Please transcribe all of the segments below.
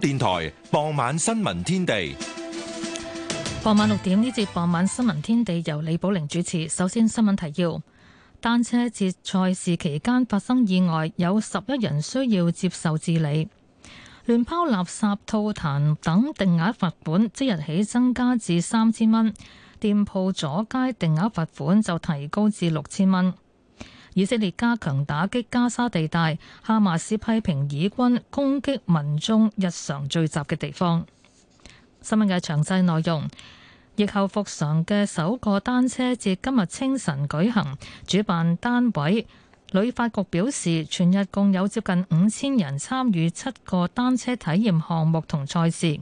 電台傍晚新聞天地。傍晚六點呢節傍晚新聞天地由李寶玲主持。首先，新聞提要：單車節賽事期間發生意外，有十一人需要接受治理。亂拋垃圾、吐痰等定額罰款即日起增加至三千蚊，店鋪阻街定額罰款就提高至六千蚊。以色列加強打擊加沙地帶，哈馬斯批評以軍攻擊民眾日常聚集嘅地方。新聞嘅詳細內容。疫後復常嘅首個單車節今日清晨舉行，主辦單位旅發局表示，全日共有接近五千人參與七個單車體驗項目同賽事。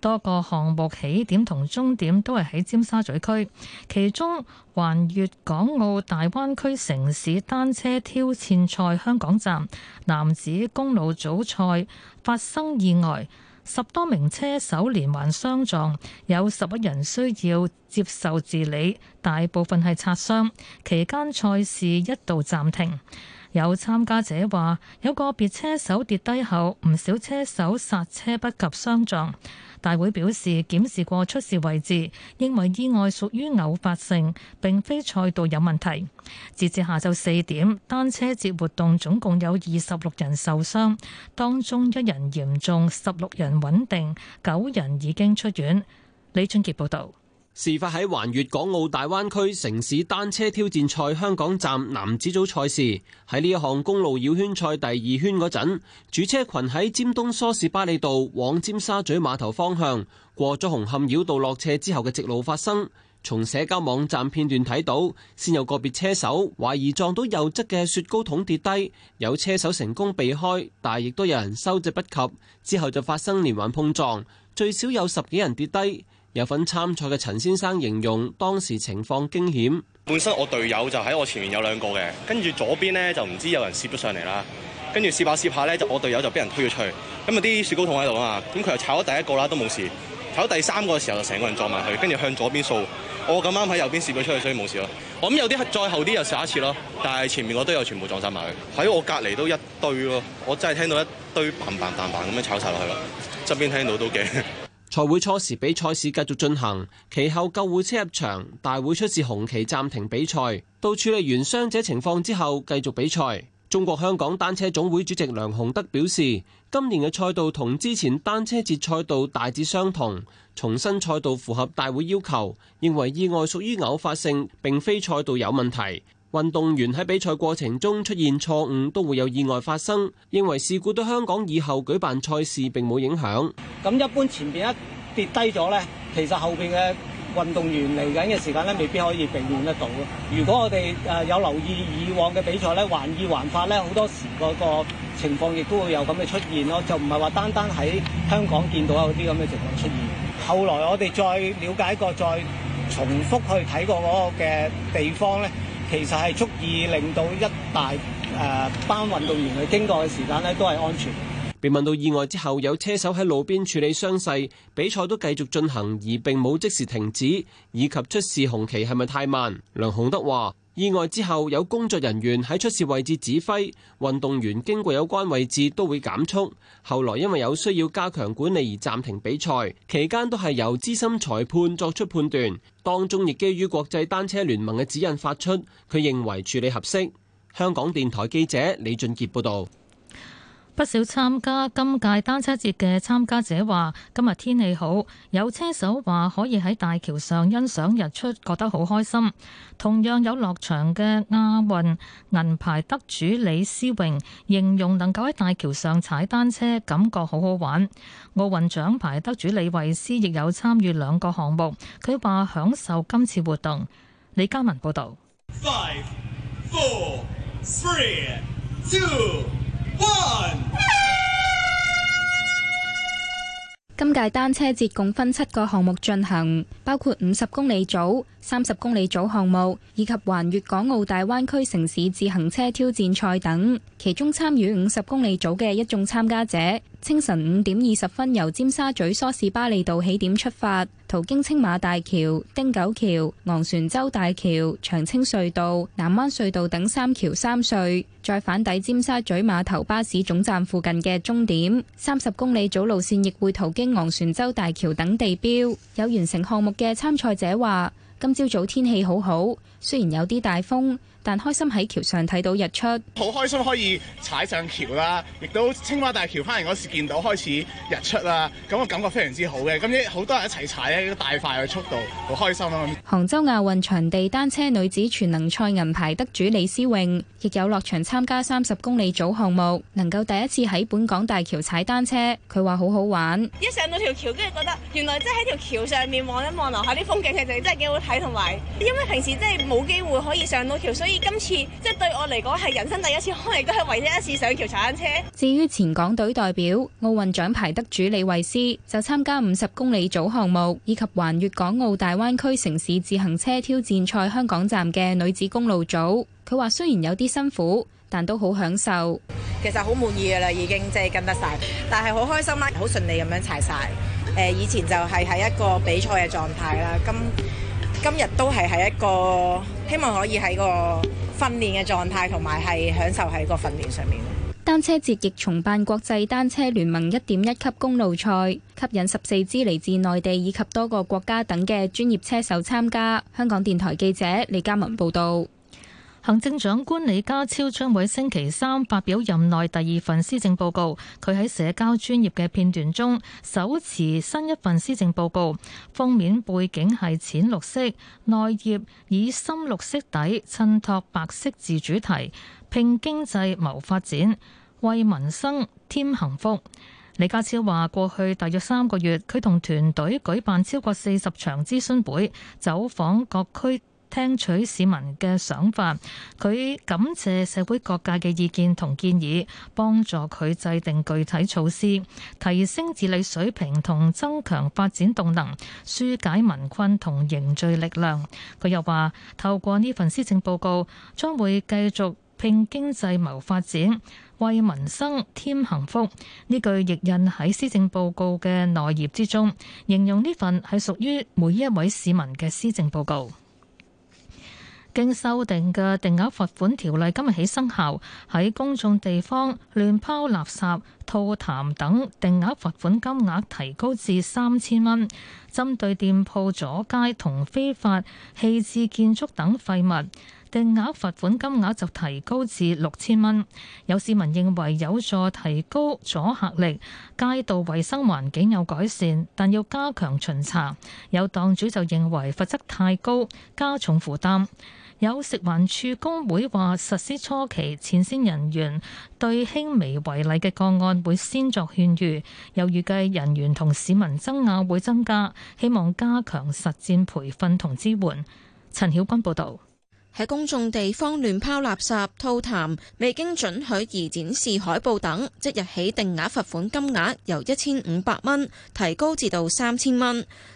多個項目起點同終點都係喺尖沙咀區，其中環粵港澳大灣區城市單車挑戰賽香港站男子公路組賽發生意外，十多名車手連環相撞，有十一人需要接受治理，大部分係擦傷。期間賽事一度暫停。有參加者話：有個別車手跌低後，唔少車手剎車不及相撞。大會表示檢視過出事位置，認為意外屬於偶發性，並非賽道有問題。截至下晝四點，單車節活動總共有二十六人受傷，當中一人嚴重，十六人穩定，九人已經出院。李俊傑報導。事發喺環粵港澳大灣區城市單車挑戰賽香港站男子組賽事，喺呢一項公路繞圈賽第二圈嗰陣，主車群喺尖東梳士巴利道往尖沙咀碼頭方向過咗紅磡繞，繞道落斜之後嘅直路發生。從社交網站片段睇到，先有個別車手懷疑撞到右側嘅雪糕筒跌低，有車手成功避開，但係亦都有人收掣不及，之後就發生連環碰撞，最少有十幾人跌低。有份參賽嘅陳先生形容當時情況驚險，本身我隊友就喺我前面有兩個嘅，跟住左邊咧就唔知有人攝咗上嚟啦，跟住攝下攝下咧就我隊友就俾人推咗出去，咁啊啲雪糕桶喺度啊嘛，咁佢又炒咗第一個啦都冇事，炒咗第三個嘅時候就成個人撞埋去，跟住向左邊掃，我咁啱喺右邊攝咗出去，所以冇事咯。我諗有啲再後啲又試一次咯，但係前面嗰堆又全部撞晒埋去，喺我隔離都一堆咯，我真係聽到一堆嘭嘭嘭嘭咁樣炒晒落去咯，側邊聽到都驚。賽會初時比賽事繼續進行，其後救護車入場，大會出示紅旗暫停比賽，到處理完傷者情況之後繼續比賽。中國香港單車總會主席梁鴻德表示，今年嘅賽道同之前單車節賽道大致相同，重新賽道符合大會要求，認為意外屬於偶發性，並非賽道有問題。運動員喺比賽過程中出現錯誤，都會有意外發生。認為事故對香港以後舉辦賽事並冇影響。咁一般前邊一跌低咗咧，其實後邊嘅運動員嚟緊嘅時間咧，未必可以避免得到。如果我哋誒有留意以往嘅比賽咧，環意環法咧，好多時嗰個情況亦都會有咁嘅出現咯。就唔係話單單喺香港見到有啲咁嘅情況出現。後來我哋再了解過，再重複去睇過嗰個嘅地方咧。其實係足以令到一大誒班運動員去經過嘅時間咧，都係安全。被問到意外之後，有車手喺路邊處理傷勢，比賽都繼續進行，而並冇即時停止，以及出示紅旗係咪太慢？梁洪德話。意外之後，有工作人員喺出事位置指揮，運動員經過有關位置都會減速。後來因為有需要加強管理而暫停比賽，期間都係由資深裁判作出判斷。當中亦基於國際單車聯盟嘅指引發出，佢認為處理合適。香港電台記者李俊傑報道。不少參加今屆單車節嘅參加者話：今日天，天氣好，有車手話可以喺大橋上欣賞日出，覺得好開心。同樣有落場嘅亞運銀牌得主李思榮形容能夠喺大橋上踩單車，感覺好好玩。奧運獎牌得主李慧詩亦有參與兩個項目，佢話享受今次活動。李嘉文報導。Five, four, three, 今屆單車節共分七個項目進行，包括五十公里組、三十公里組項目以及環粵港澳大灣區城市自行車挑戰賽等。其中參與五十公里組嘅一眾參加者。清晨五點二十分由尖沙咀梳士巴利道起點出發，途經青馬大橋、汀九橋、昂船洲大橋、長青隧道、南灣隧道等三橋三隧，再返抵尖沙咀碼頭巴士總站附近嘅終點。三十公里組路線亦會途經昂船洲大橋等地標。有完成項目嘅參賽者話：今朝早，早天氣好好，雖然有啲大風。但開心喺橋上睇到日出，好開心可以踩上橋啦，亦 都青馬大橋翻嚟嗰時見到開始日出啦，咁個感覺非常之好嘅。咁好多人一齊踩呢個，大快嘅速度，好開心咯。杭州亞運場地單車女子全能賽銀牌得主李思穎，亦有落場參加三十公里組項目，能夠第一次喺本港大橋踩單車，佢話好好玩。一上到條橋，跟住覺得原來即係喺條橋上面望一望樓下啲風景，其實真係幾好睇，同埋因為平時真係冇機會可以上到橋，所以。今次即係對我嚟講係人生第一次，我亦都係唯一一次上橋踩單車。至於前港隊代表奧運獎牌得主李慧詩，就參加五十公里組項目以及環粵港澳大灣區城市自行車挑戰賽香港站嘅女子公路組。佢話雖然有啲辛苦，但都好享受。其實好滿意噶啦，已經即係跟得晒，但係好開心啦，好順利咁樣踩晒。誒、呃，以前就係喺一個比賽嘅狀態啦，今今日都係喺一個。希望可以喺個訓練嘅狀態，同埋係享受喺個訓練上面。單車節亦重辦國際單車聯盟一點一級公路賽，吸引十四支嚟自內地以及多個國家等嘅專業車手參加。香港電台記者李嘉文報道。行政長官李家超將會星期三發表任內第二份施政報告。佢喺社交專業嘅片段中，手持新一份施政報告，封面背景係淺綠色，內頁以深綠色底襯托白色字主題，拼經濟謀發展，為民生添幸福。李家超話，過去大約三個月，佢同團隊舉辦超過四十場諮詢會，走訪各區。聽取市民嘅想法，佢感謝社會各界嘅意見同建議，幫助佢制定具體措施，提升治理水平同增強發展動能，紓解民困同凝聚力量。佢又話，透過呢份施政報告，將會繼續拼經濟謀發展，為民生添幸福。呢句亦印喺施政報告嘅內頁之中，形容呢份係屬於每一位市民嘅施政報告。經修訂嘅定額罰款條例今日起生效，喺公眾地方亂拋垃圾、吐痰等定額罰款金額提高至三千蚊。針對店鋪阻街同非法棄置建築等廢物，定額罰款金額就提高至六千蚊。有市民認為有助提高阻嚇力，街道衛生環境有改善，但要加強巡查。有檔主就認為罰則太高，加重負擔。有食環署工會話，實施初期，前線人員對輕微違例嘅個案會先作勸喻，又預計人員同市民爭拗會增加，希望加強實戰培訓同支援。陳曉君報導，喺公眾地方亂拋垃圾、吐痰、未經准許而展示海報等，即日起定額罰款金額由一千五百蚊提高至到三千蚊。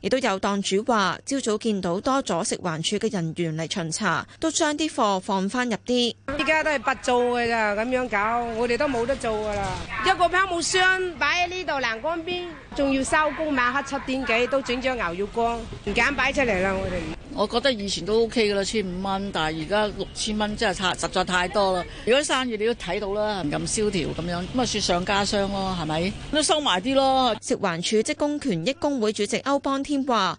亦都有檔主話，朝早見到多咗食環署嘅人員嚟巡查，都將啲貨放翻入啲。依家都係不做嘅咋，咁樣搞，我哋都冇得做噶啦。一個泡沫箱擺喺呢度欄杆邊，仲要收工，晚黑七點幾都整咗牛肉乾，唔敢擺出嚟啦，我哋。我覺得以前都 OK 㗎啦，千五蚊，但係而家六千蚊，真係太，實在太多啦。如果生意你都睇到啦，唔咁蕭條咁樣，咁啊雪上加霜咯，係咪？都收埋啲咯。食環署職工權益工會主席歐邦添話。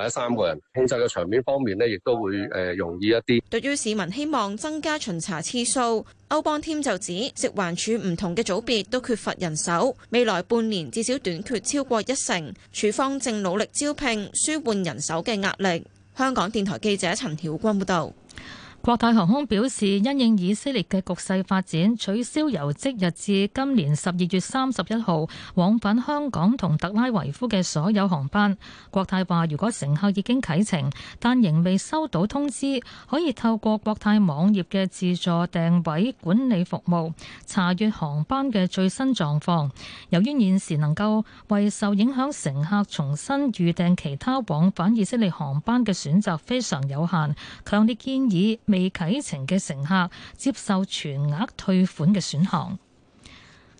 或者三個人控制嘅場面方面呢，亦都會誒容易一啲。對於市民希望增加巡查次數，歐邦添就指，食環署唔同嘅組別都缺乏人手，未來半年至少短缺超過一成，署方正努力招聘，舒緩人手嘅壓力。香港電台記者陳曉君報道。國泰航空表示，因應以色列嘅局勢發展，取消由即日至今年十二月三十一號往返香港同特拉維夫嘅所有航班。國泰話，如果乘客已經啟程但仍未收到通知，可以透過國泰網頁嘅自助訂位管理服務查閱航班嘅最新狀況。由於現時能夠為受影響乘客重新預訂其他往返以色列航班嘅選擇非常有限，強烈建議未啟程嘅乘客接受全額退款嘅選項。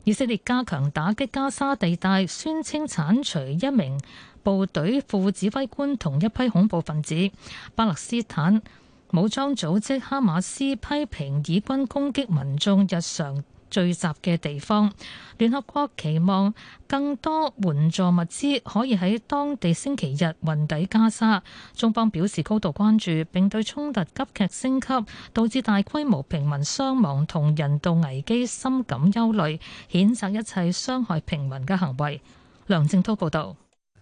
以色列加強打擊加沙地帶，宣稱鏟除一名部隊副指揮官同一批恐怖分子。巴勒斯坦武裝組織哈馬斯批評以軍攻擊民眾日常聚集嘅地方，聯合國期望更多援助物資可以喺當地星期日運抵加沙。中方表示高度關注，並對衝突急劇升級導致大規模平民傷亡同人道危機深感憂慮，譴責一切傷害平民嘅行為。梁正滔報導。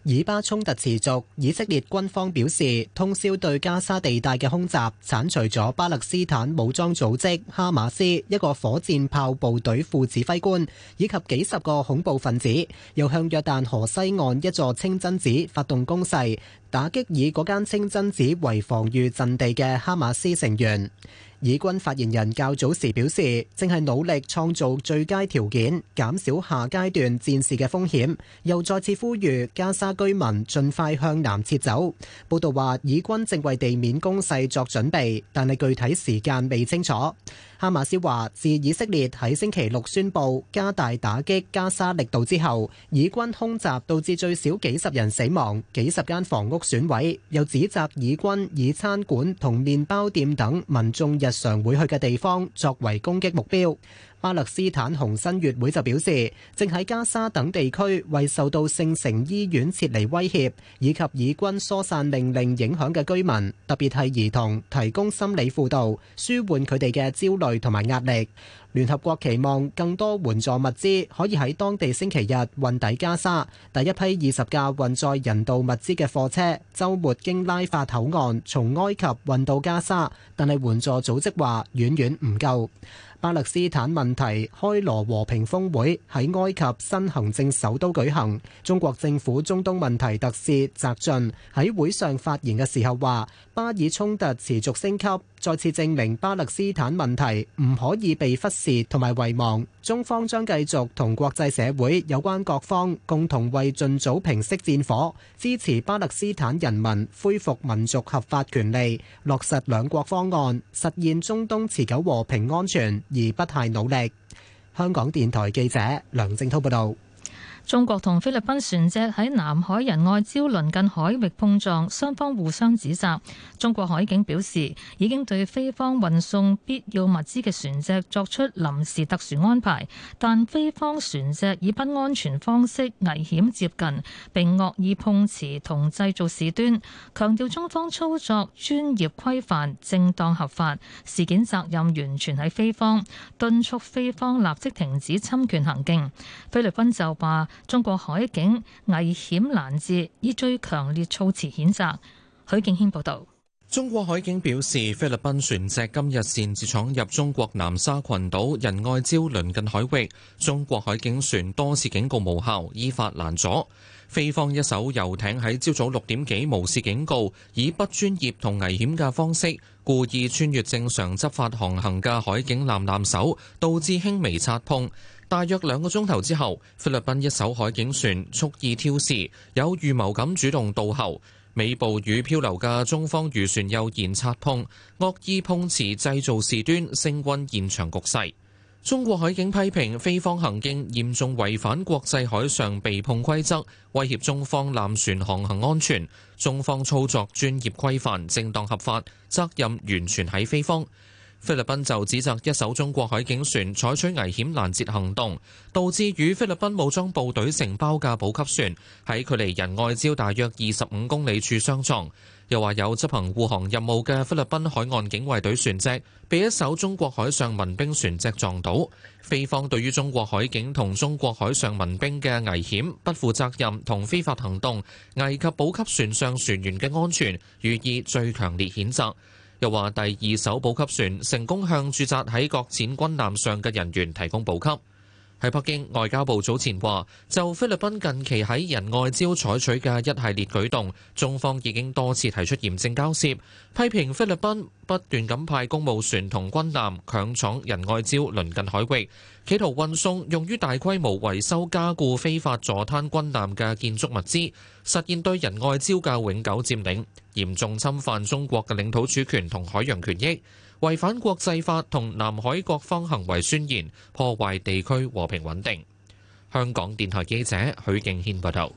以巴衝突持續，以色列軍方表示，通宵對加沙地帶嘅空襲，剷除咗巴勒斯坦武裝組織哈馬斯一個火箭炮部隊副指揮官以及幾十個恐怖分子，又向約旦河西岸一座清真寺發動攻勢，打擊以嗰間清真寺為防禦陣地嘅哈馬斯成員。以軍發言人較早時表示，正係努力創造最佳條件，減少下階段戰事嘅風險，又再次呼籲加沙居民盡快向南撤走。報道話，以軍正為地面攻勢作準備，但係具體時間未清楚。哈馬斯話：自以色列喺星期六宣布加大打擊加沙力度之後，以軍空襲導致最少幾十人死亡、幾十間房屋損毀，又指責以軍以餐館同麵包店等民眾日常會去嘅地方作為攻擊目標。巴勒斯坦紅新月會就表示，正喺加沙等地區為受到聖城醫院撤離威脅以及以軍疏散命令，令影響嘅居民，特別係兒童提供心理輔導，舒緩佢哋嘅焦慮同埋壓力。聯合國期望更多援助物資可以喺當地星期日運抵加沙。第一批二十架運載人道物資嘅貨車周末經拉法口岸從埃及運到加沙，但係援助組織話遠遠唔夠。巴勒斯坦問題開羅和平峰會喺埃及新行政首都舉行，中國政府中東問題特使翟雋喺會上發言嘅時候話：巴以衝突持續升級。再次證明巴勒斯坦問題唔可以被忽視同埋遺忘，中方將繼續同國際社會有關各方共同為盡早平息戰火、支持巴勒斯坦人民恢復民族合法權利、落實兩國方案、實現中東持久和平安全而不懈努力。香港電台記者梁正滔報導。中國同菲律賓船隻喺南海仁愛礁鄰近海域碰撞，雙方互相指責。中國海警表示，已經對菲方運送必要物資嘅船隻作出臨時特殊安排，但菲方船隻以不安全方式危險接近，並惡意碰瓷同製造事端。強調中方操作專業規範、正當合法，事件責任完全喺菲方，敦促菲方立即停止侵權行徑。菲律賓就話。中國海警危險攔截，以最強烈措辭譴責。許敬軒報道：中國海警表示，菲律賓船隻今日擅自闖入中國南沙群島仁愛礁鄰近海域，中國海警船多次警告無效，依法攔阻。菲方一艘遊艇喺朝早六點幾無視警告，以不專業同危險嘅方式，故意穿越正常執法航行嘅海警艦艦艏，導致輕微擦碰。大約兩個鐘頭之後，菲律賓一艘海警船蓄意挑事，有預謀咁主動倒後，尾部與漂流嘅中方漁船又現擦碰，惡意碰瓷製造事端，升温現場局勢。中國海警批評菲方行徑嚴重違反國際海上避碰規則，威脅中方艦船，船航行安全。中方操作專業規範、正當合法，責任完全喺菲方。菲律賓就指責一艘中國海警船採取危險攔截行動，導致與菲律賓武裝部隊承包嘅補給船喺距離仁愛礁大約二十五公里處相撞。又話有執行護航任務嘅菲律賓海岸警衛隊船隻被一艘中國海上民兵船隻撞到。菲方對於中國海警同中國海上民兵嘅危險、不負責任同非法行動，危及補給船上船員嘅安全，予以最強烈譴責。又話第二艘補給船成功向駐紮喺擱淺軍艦上嘅人員提供補給。喺北京，外交部早前話，就菲律賓近期喺仁愛礁採取嘅一系列舉動，中方已經多次提出嚴正交涉，批評菲律賓不斷咁派公務船同軍艦強闖仁愛礁鄰近海域，企圖運送用於大規模維修加固非法坐灘軍艦嘅建築物資，實現對仁愛礁嘅永久占領，嚴重侵犯中國嘅領土主權同海洋權益，違反國際法同南海各方行為宣言，破壞地區和平穩定。香港電台記者許敬軒報道。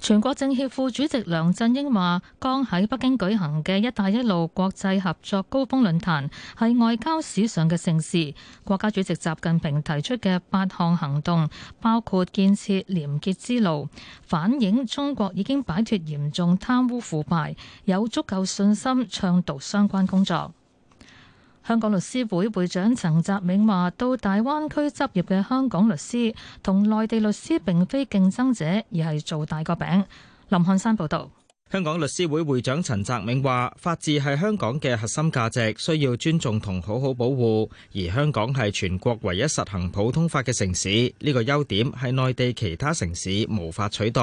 全國政協副主席梁振英話，剛喺北京舉行嘅「一帶一路」國際合作高峰論壇係外交史上嘅盛事。國家主席習近平提出嘅八項行動，包括建設廉潔之路，反映中國已經擺脱嚴重貪污腐敗，有足夠信心倡導相關工作。香港律師會會長陳澤銘話，到大灣區執業嘅香港律師同內地律師並非競爭者，而係做大個餅。林漢山報道。香港律師會會長陳澤銘話，法治係香港嘅核心價值，需要尊重同好好保護。而香港係全國唯一實行普通法嘅城市，呢個優點係內地其他城市無法取代。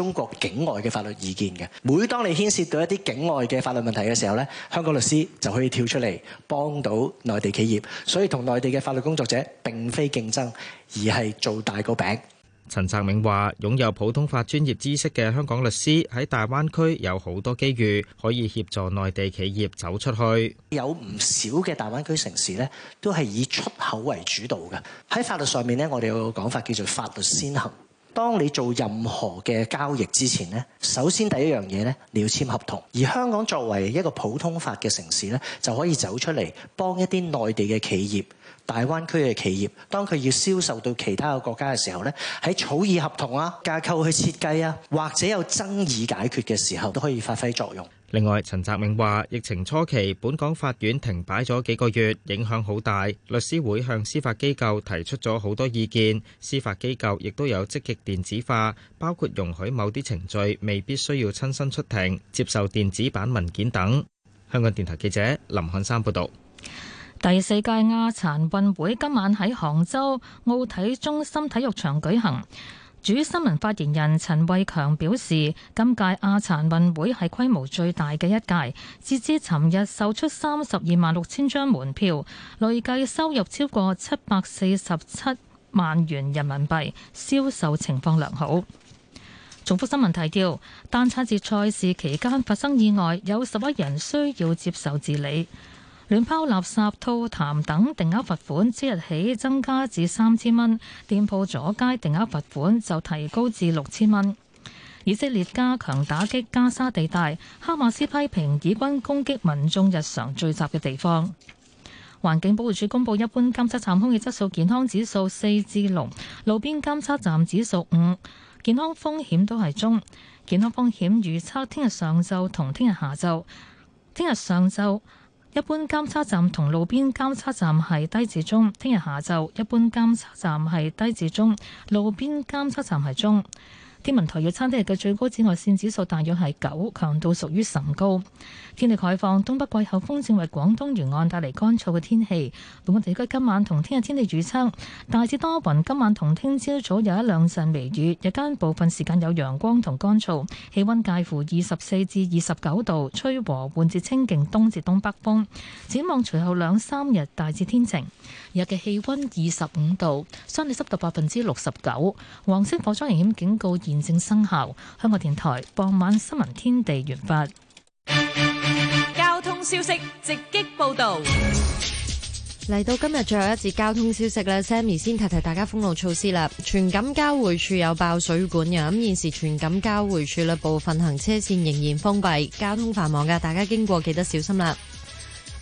中國境外嘅法律意見嘅，每當你牽涉到一啲境外嘅法律問題嘅時候咧，香港律師就可以跳出嚟幫到內地企業，所以同內地嘅法律工作者並非競爭，而係做大個餅。陳澤銘話：擁有普通法專業知識嘅香港律師喺大灣區有好多機遇，可以協助內地企業走出去。有唔少嘅大灣區城市咧，都係以出口為主導嘅。喺法律上面咧，我哋有個講法叫做法律先行。當你做任何嘅交易之前咧，首先第一樣嘢咧，你要簽合同。而香港作為一個普通法嘅城市咧，就可以走出嚟幫一啲內地嘅企業、大灣區嘅企業，當佢要銷售到其他嘅國家嘅時候咧，喺草擬合同啊、架構去設計啊，或者有爭議解決嘅時候，都可以發揮作用。另外，陳澤明話：疫情初期，本港法院停擺咗幾個月，影響好大。律師會向司法機構提出咗好多意見，司法機構亦都有積極電子化，包括容許某啲程序未必需要親身出庭，接受電子版文件等。香港電台記者林漢山報導。第四屆亞殘運會今晚喺杭州奧體中心體育場舉行。主新聞發言人陳偉強表示，今屆亞殘運會係規模最大嘅一屆，截至尋日售出三十二萬六千張門票，累計收入超過七百四十七萬元人民幣，銷售情況良好。重複新聞提調，單車節賽事期間發生意外，有十一人需要接受治理。亂拋垃圾、吐痰等定額罰款，即日起增加至三千蚊；店鋪阻街定額罰款就提高至六千蚊。以色列加強打擊加沙地帶，哈馬斯批評以軍攻擊民眾日常聚集嘅地方。環境保護署公布一般監測站空氣質素健康指數四至六，路邊監測站指數五，健康風險都係中。健康風險預測，聽日上晝同聽日下晝，聽日上晝。一般監測站同路邊監測站係低至中，聽日下晝一般監測站係低至中，路邊監測站係中。天文台預測聽日嘅最高紫外線指數大約係九，強度屬於甚高。天氣概況，東北季候風正為廣東沿岸帶嚟乾燥嘅天氣。本港地區今晚同聽日天氣預測大致多雲，今晚同聽朝早早有一兩陣微雨，日間部分時間有陽光同乾燥，氣温介乎二十四至二十九度，吹和緩至清勁東至東北風。展望隨後兩三日大致天晴，日嘅氣温二十五度，相對濕度百分之六十九。黃色火災危險警告現正生效。香港電台傍晚新聞天地完畢。消息直擊報道，嚟到今日最後一節交通消息啦。Sammy 先提提大家封路措施啦。荃錦交匯處有爆水管嘅咁，現時荃錦交匯處嘅部分行車線仍然封閉，交通繁忙㗎，大家經過記得小心啦。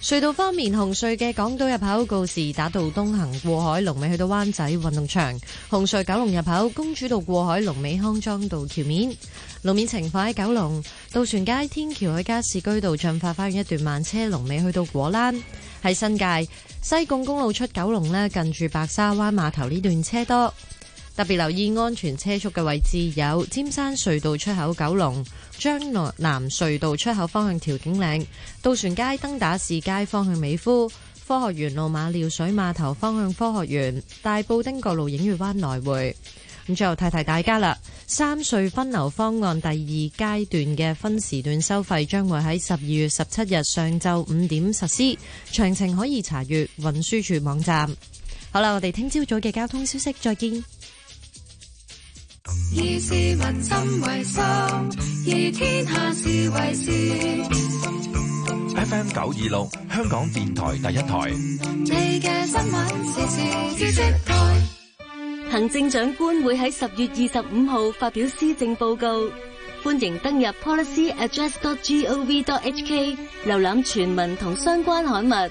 隧道方面，紅隧嘅港島入口告士打道東行過海龍尾去到灣仔運動場；紅隧九龍入口公主道過海龍尾康莊道橋面；路面情況喺九龍渡船街天橋喺加士居道駿發花園一段慢車龍尾去到果欄；喺新界西貢公路出九龍咧，近住白沙灣碼頭呢段車多。特別留意安全車速嘅位置有尖山隧道出口九龍、九龍將藍隧道出口方向、調景嶺、渡船街、登打士街方向、美孚、科學園路馬料水碼頭方向、科學園、大埔汀角路、影月灣來回。咁最後提提大家啦，三隧分流方案第二階段嘅分時段收費將會喺十二月十七日上晝五點實施，詳情可以查閱運輸署網站。好啦，我哋聽朝早嘅交通消息，再見。以事物心為心，以天下事為事。FM 九二六，香港電台第一台。你嘅新聞時時知識台。行政長官會喺十月二十五號發表施政報告，歡迎登入 policyaddress.gov.hk 瀏覽全文同相關刊物。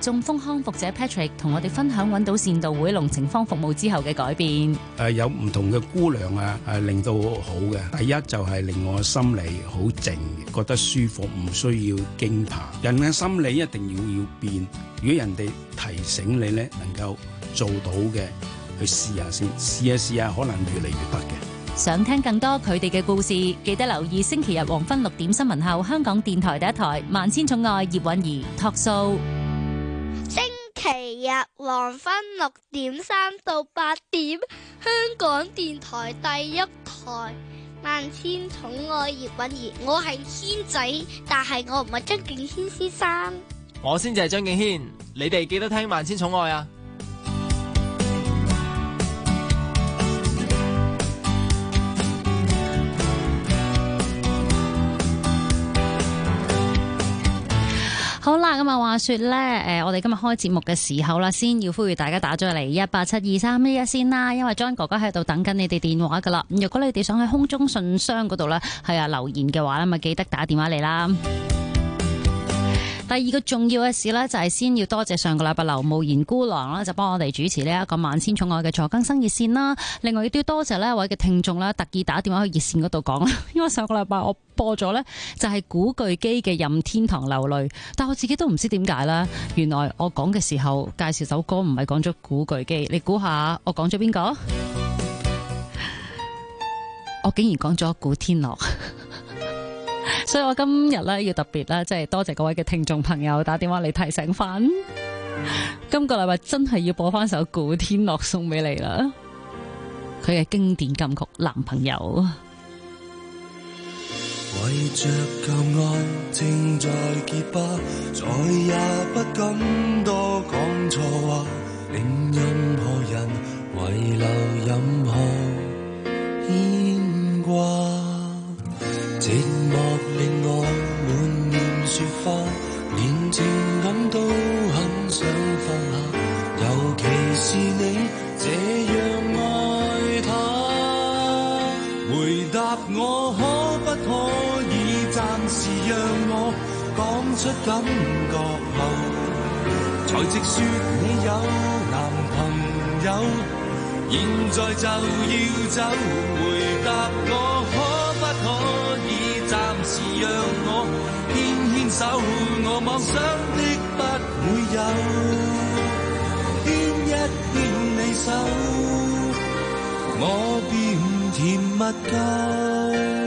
中風康復者 Patrick 同我哋分享揾到善導會龍情方服務之後嘅改變。誒，有唔同嘅姑娘啊，誒，令到好嘅。第一就係令我心理好靜，覺得舒服，唔需要驚怕。人嘅心理一定要要變。如果人哋提醒你咧，能夠做到嘅，去試下先，試一試下，可能越嚟越得嘅。想聽更多佢哋嘅故事，記得留意星期日黃昏六點新聞後，香港電台第一台《萬千寵愛葉韻儀》托數。星期日黃昏六點三到八點，香港電台第一台《萬千寵愛葉蘊儀》，我係軒仔，但係我唔係張敬軒先生。我先至係張敬軒，你哋記得聽《萬千寵愛》啊！今日話說咧，誒，我哋今日開節目嘅時候啦，先要呼籲大家打咗嚟，一八七二三一一先啦，因為 John 哥哥喺度等緊你哋電話噶啦。如果你哋想喺空中信箱嗰度咧，係啊留言嘅話咧，咪記得打電話嚟啦。第二個重要嘅事呢，就係、是、先要多謝上個禮拜劉慕言姑娘啦，就幫我哋主持呢一個萬千寵愛嘅助更生熱綫啦。另外亦都要多謝呢一位嘅聽眾啦，特意打電話去熱綫嗰度講啦。因為上個禮拜我播咗呢，就係古巨基嘅任天堂流淚，但我自己都唔知點解啦。原來我講嘅時候介紹首歌，唔係講咗古巨基，你估下我講咗邊個？我竟然講咗古天樂。所以我今日咧要特別啦，即係多謝各位嘅聽眾朋友打電話嚟提醒翻，今個禮拜真係要播翻首古天樂送俾你啦，佢嘅經典金曲《男朋友》。為着舊愛正在結疤，再也不敢多講錯話，令任何人遺留任何牽掛。寂寞令我滿面雪花，連情感都很想放下，尤其是你這樣愛他。回答我，可不可以暫時讓我講出感覺後，才直說你有男朋友，現在就要走。回答我。讓我牽牽手，我妄想的不會有。牽一牽你手，我便甜蜜夠。